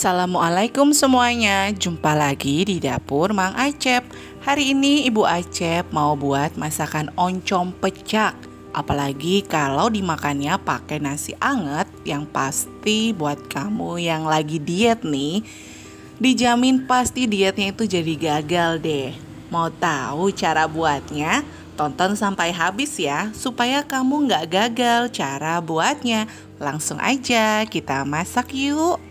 Assalamualaikum semuanya, jumpa lagi di dapur Mang Acep. Hari ini Ibu Acep mau buat masakan oncom pecak. Apalagi kalau dimakannya pakai nasi anget yang pasti buat kamu yang lagi diet nih, dijamin pasti dietnya itu jadi gagal deh. Mau tahu cara buatnya? Tonton sampai habis ya, supaya kamu nggak gagal cara buatnya. Langsung aja kita masak yuk.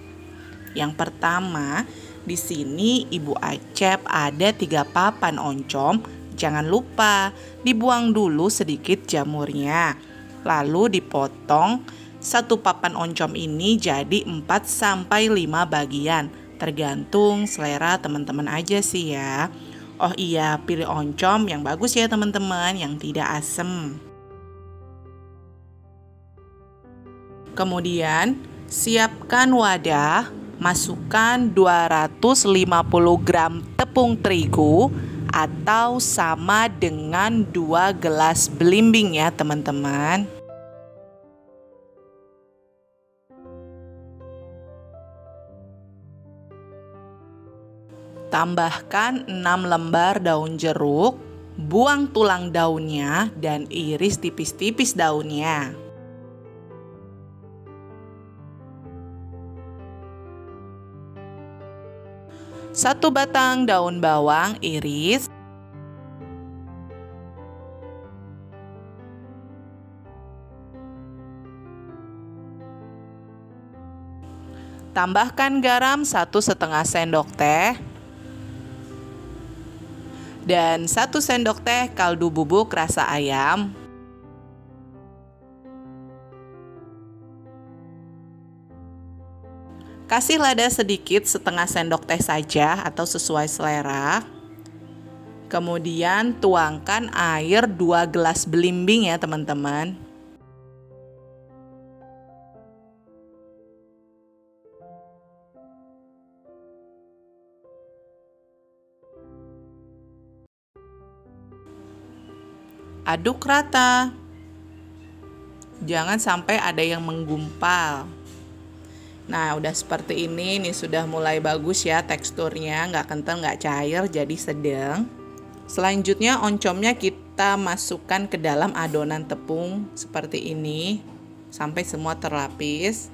Yang pertama, di sini Ibu Acep ada tiga papan oncom. Jangan lupa dibuang dulu sedikit jamurnya. Lalu dipotong satu papan oncom ini jadi 4 sampai lima bagian. Tergantung selera teman-teman aja sih ya. Oh iya, pilih oncom yang bagus ya teman-teman, yang tidak asem. Kemudian, siapkan wadah masukkan 250 gram tepung terigu atau sama dengan 2 gelas belimbing ya teman-teman. Tambahkan 6 lembar daun jeruk, buang tulang daunnya dan iris tipis-tipis daunnya. satu batang daun bawang iris, tambahkan garam satu setengah sendok teh dan satu sendok teh kaldu bubuk rasa ayam Kasih lada sedikit setengah sendok teh saja atau sesuai selera. Kemudian tuangkan air 2 gelas belimbing ya teman-teman. Aduk rata. Jangan sampai ada yang menggumpal. Nah udah seperti ini, ini sudah mulai bagus ya teksturnya, nggak kental, nggak cair, jadi sedang. Selanjutnya oncomnya kita masukkan ke dalam adonan tepung seperti ini, sampai semua terlapis.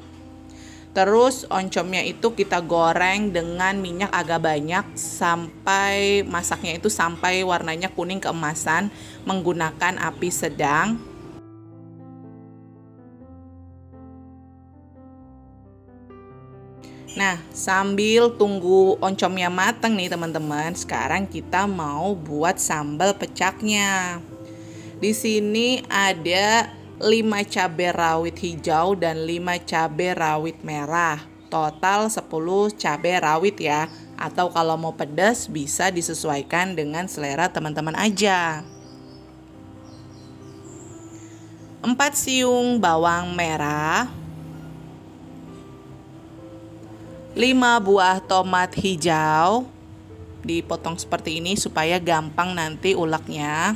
Terus oncomnya itu kita goreng dengan minyak agak banyak sampai masaknya itu sampai warnanya kuning keemasan menggunakan api sedang Nah, sambil tunggu oncomnya matang nih teman-teman, sekarang kita mau buat sambal pecaknya. Di sini ada 5 cabai rawit hijau dan 5 cabai rawit merah. Total 10 cabai rawit ya. Atau kalau mau pedas bisa disesuaikan dengan selera teman-teman aja. 4 siung bawang merah, 5 buah tomat hijau dipotong seperti ini supaya gampang nanti uleknya.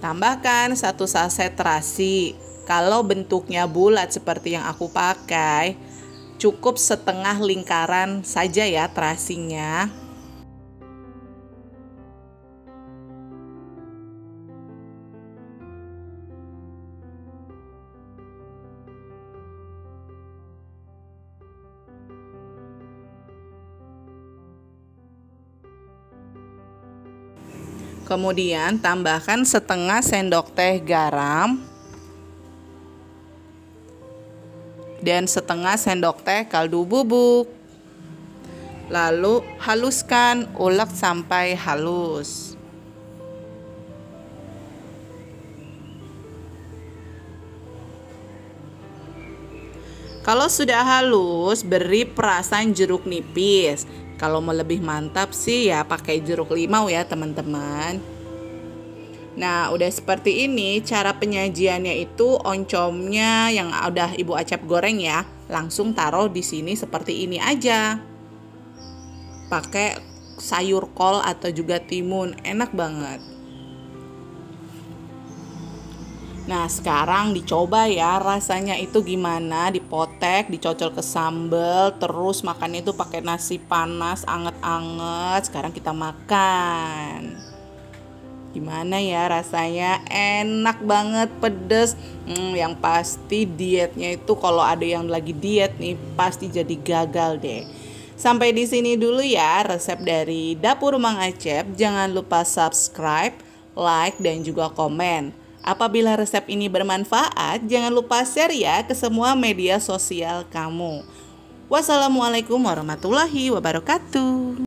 Tambahkan satu saset terasi. Kalau bentuknya bulat seperti yang aku pakai, cukup setengah lingkaran saja ya terasinya. Kemudian tambahkan setengah sendok teh garam dan setengah sendok teh kaldu bubuk. Lalu haluskan ulek sampai halus. Kalau sudah halus, beri perasan jeruk nipis. Kalau mau lebih mantap sih ya pakai jeruk limau ya teman-teman. Nah, udah seperti ini cara penyajiannya itu oncomnya yang udah Ibu acap goreng ya, langsung taruh di sini seperti ini aja. Pakai sayur kol atau juga timun, enak banget. Nah sekarang dicoba ya rasanya itu gimana dipotek dicocol ke sambal terus makannya itu pakai nasi panas anget-anget sekarang kita makan gimana ya rasanya enak banget pedes hmm, yang pasti dietnya itu kalau ada yang lagi diet nih pasti jadi gagal deh sampai di sini dulu ya resep dari dapur Mang Acep jangan lupa subscribe like dan juga komen Apabila resep ini bermanfaat, jangan lupa share ya ke semua media sosial kamu. Wassalamualaikum warahmatullahi wabarakatuh.